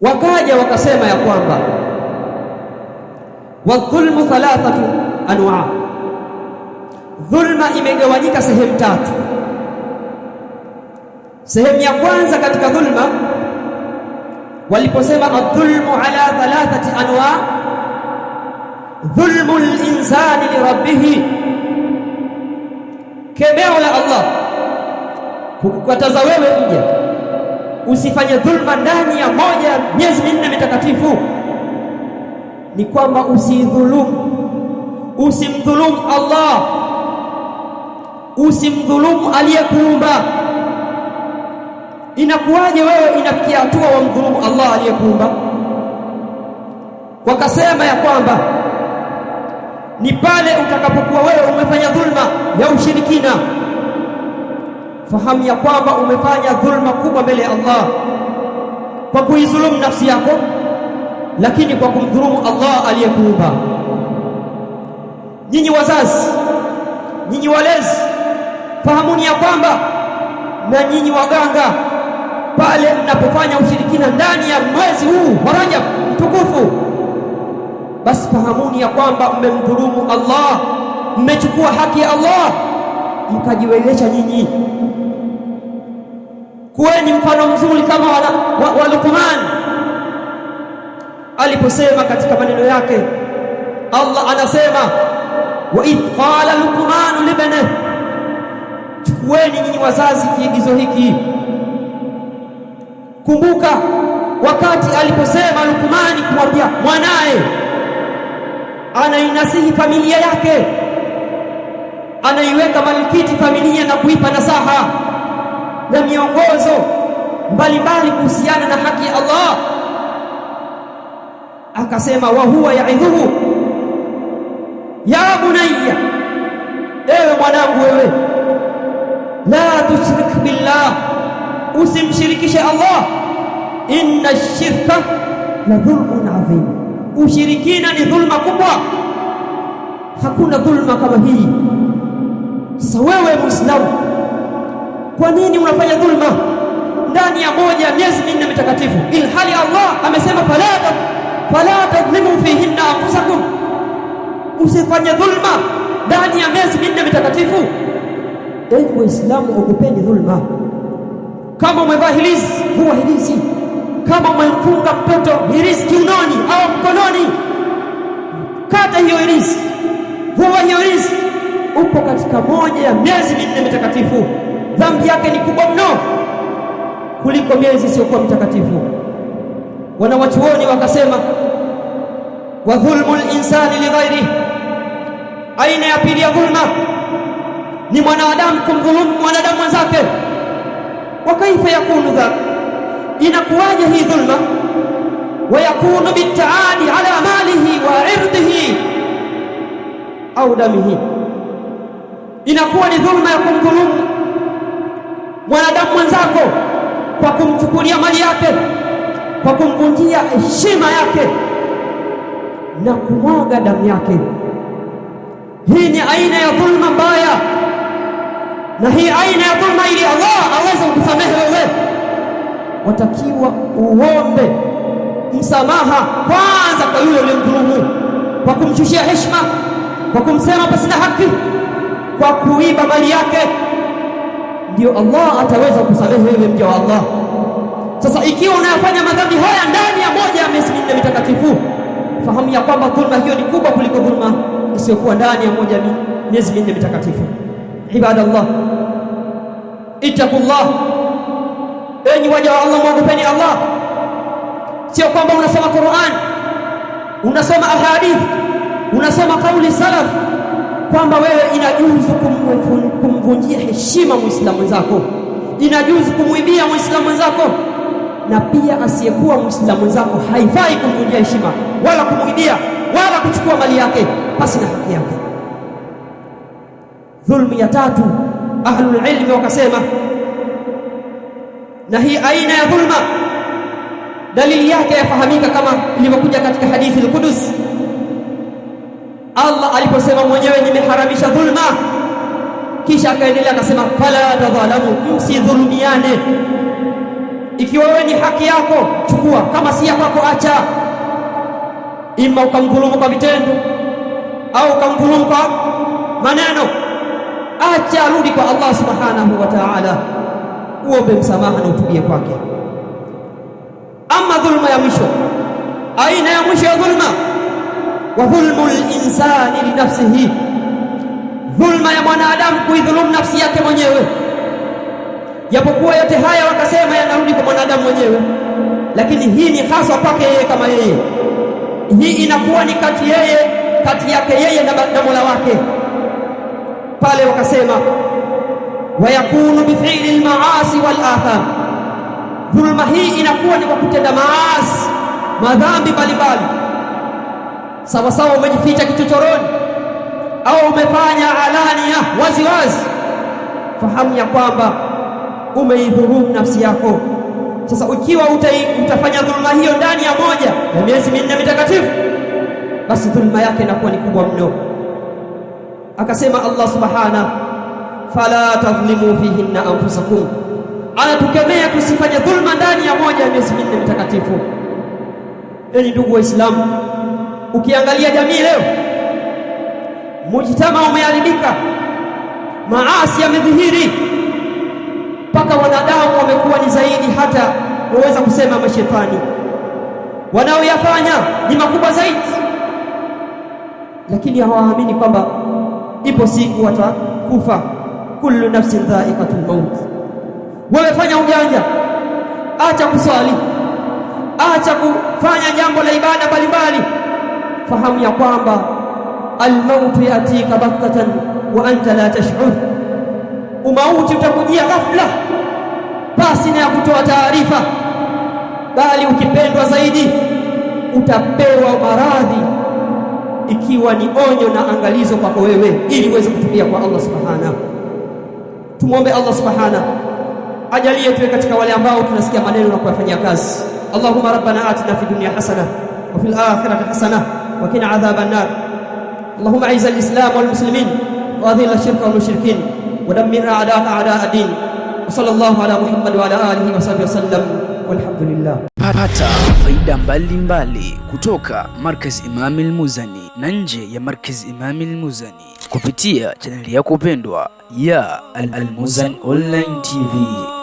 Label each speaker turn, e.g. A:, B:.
A: Wakaja wakasema ya kwamba wadhulmu thalathatu anwaa, dhulma imegawanyika sehemu tatu. Sehemu ya kwanza katika dhulma waliposema adh-dhulmu ala thalathati anwaa, dhulmu linsani lirabbihi li rabbih, kebeo la Allah kukukataza wewe mja usifanye dhulma ndani ya moja miezi minne mitakatifu, ni kwamba usidhulumu, usimdhulumu Allah, usimdhulumu aliyekuumba. Inakuwaje wewe inafikia hatua wa mdhulumu Allah aliyekuumba? Wakasema ya kwamba ni pale utakapokuwa wewe umefanya dhulma ya ushirikina fahamu ya kwamba umefanya dhulma kubwa mbele ya Allah kwa kuidhulumu nafsi yako, lakini kwa kumdhulumu Allah aliyekuumba. Nyinyi wazazi, nyinyi walezi, fahamuni ya kwamba na nyinyi waganga, pale mnapofanya ushirikina ndani ya mwezi huu wa Rajab mtukufu, basi fahamuni ya kwamba mmemdhulumu Allah, mmechukua haki ya Allah mkajiwezesha nyinyi kuweni mfano mzuri kama wa, wa, wa Luqman aliposema katika maneno yake. Allah anasema wa idh qala Luqman libnihi, chukueni nyinyi wazazi kiigizo hiki. Kumbuka wakati aliposema Luqman kumwambia mwanaye, anainasihi familia yake, anaiweka malikiti familia na kuipa nasaha na miongozo mbalimbali kuhusiana na haki ya Allah. Akasema wa huwa yaidhuhu ya bunayya, ewe mwanangu wewe, la tushrik billah, usimshirikishe Allah. Inna shirka la dhulmun adhim, ushirikina ni dhulma kubwa. Hakuna dhulma kama hii. Sasa wewe Muislamu kwa nini unafanya dhulma ndani ya moja ya miezi minne mitakatifu, ilhali Allah amesema fala tadhlimu fihinna anfusakum, usifanye dhulma ndani ya miezi minne mitakatifu. Enyi Waislamu, ogopeni dhulma. Kama umevaa hirizi, vua hirizi. Kama umemfunga mtoto hirizi kiunoni au mkononi, kata hiyo hirizi, vua hiyo hirizi. Upo katika moja ya miezi minne mitakatifu dhambi yake ni kubwa mno kuliko miezi isiyokuwa mtakatifu. Wanawachuoni wakasema wa dhulmul insani li aina ya pili ya dhulma ni mwanadamu kumdhulumu mwanadamu mwenzake. Wa kaifa yakunu dha, inakuwaje hii dhulma? Wa yakunu bitaadi ala malihi wa irdihi au damihi, inakuwa ni dhulma ya kumdhulumu zako, kwa kumchukulia mali yake, kwa kumvunjia heshima yake na kumwaga damu yake. Hii ni aina ya dhulma mbaya, na hii aina ya dhulma, ili Allah aweze kukusamehe wewe, watakiwa uombe msamaha kwanza kwa yule uliyemdhulumu, kwa kumshushia heshima, kwa kumsema pasina haki, kwa kuiba mali yake ndio Allah ataweza kusamehe wewe mja wa Allah. Sasa ikiwa unayofanya madhambi haya ndani ya moja ya miezi minne mitakatifu, fahamu ya kwamba dhulma hiyo ni kubwa kuliko dhulma isiyokuwa ndani ya moja miezi minne mitakatifu. Ibadallah, ittaqullah, enyi waja wa Allah, mwogopeni Allah. Sio kwamba unasoma Qur'an, unasoma ahadith, unasoma kauli salaf kwamba wewe inajuzu kumvunjia heshima Muislamu mwenzako, inajuzu kumwibia Muislamu mwenzako, na pia asiyekuwa Muislamu mwenzako haifai kumvunjia heshima wala kumwibia wala kuchukua mali yake pasi na haki yake. Dhulmu ya tatu, ahlul ilmi wakasema, na hii aina ya dhulma dalili yake yafahamika kama ilivyokuja katika hadithi al-Qudus Allah aliposema mwenyewe nimeharamisha dhulma, kisha akaendelea akasema, fala tadhalamu, msidhulumiane. Ikiwa wewe ni haki yako chukua, kama si yako acha. Ima ukamdhulumu kwa vitendo au ukamdhulumu kwa maneno, acha, rudi kwa Allah subhanahu wa ta'ala, uombe msamaha na utubie kwake. Ama dhulma ya mwisho, aina ya mwisho ya dhulma wa dhulmu linsani linafsihi, dhulma ya mwanadamu kuidhulumu nafsi yake mwenyewe. Japokuwa yote haya wakasema yanarudi kwa mwanadamu mwenyewe, lakini hii ni haswa kwake yeye kama yeye. Hii inakuwa ni kati yeye kati yake yeye na, na Mola wake pale. Wakasema wayakunu bifiili lmaasi wal atham, dhulma hii inakuwa ni kwa kutenda maasi madhambi mbalimbali sawa sawa umejificha kichochoroni au umefanya alania waziwazi, fahamu ya kwamba umeidhulumu nafsi yako. Sasa ukiwa utai, utafanya dhulma hiyo ndani ya moja ya miezi minne mitakatifu, basi dhulma yake inakuwa ni kubwa mno. Akasema Allah subhana, fala tadhlimu fihinna anfusakum, anatukemea kusifanya dhulma ndani ya moja ya miezi minne mitakatifu. enyi ndugu Waislamu, Ukiangalia jamii leo, mujtama umeharibika, maasi yamedhihiri, mpaka wanadamu wamekuwa ni zaidi, hata waweza kusema mashetani wanaoyafanya ni makubwa zaidi, lakini hawaamini kwamba ipo siku watakufa. Kullu nafsin dha'iqatul maut. Wewe fanya ujanja, acha kuswali, acha kufanya jambo la ibada mbalimbali fahamu ya kwamba almautu yatika baktatan wa anta la tash'ur, umauti utakujia ghafla pasi na ya kutoa taarifa, bali ukipendwa zaidi utapewa maradhi ikiwa ni onyo na angalizo kwako wewe, ili uweze kutumia kwa Allah subhanahu. Tumwombe Allah subhanahu ajalie tuwe katika wale ambao tunasikia maneno na kuyafanyia kazi. Allahumma rabbana atina fid dunya hasana wa fil akhirati hasana وقنا عذاب النار اللهم اعز الاسلام والمسلمين واذل الشرك والمشركين ودمر اعداءك اعداء الدين وصلى الله على محمد وعلى اله وصحبه وسلم walhamdulillah. Pata faida mbalimbali mbali kutoka Markaz Imamil Muzani na nje ya Markaz Imamil Muzani kupitia chaneli yako pendwa ya Al, Al Muzan Online TV.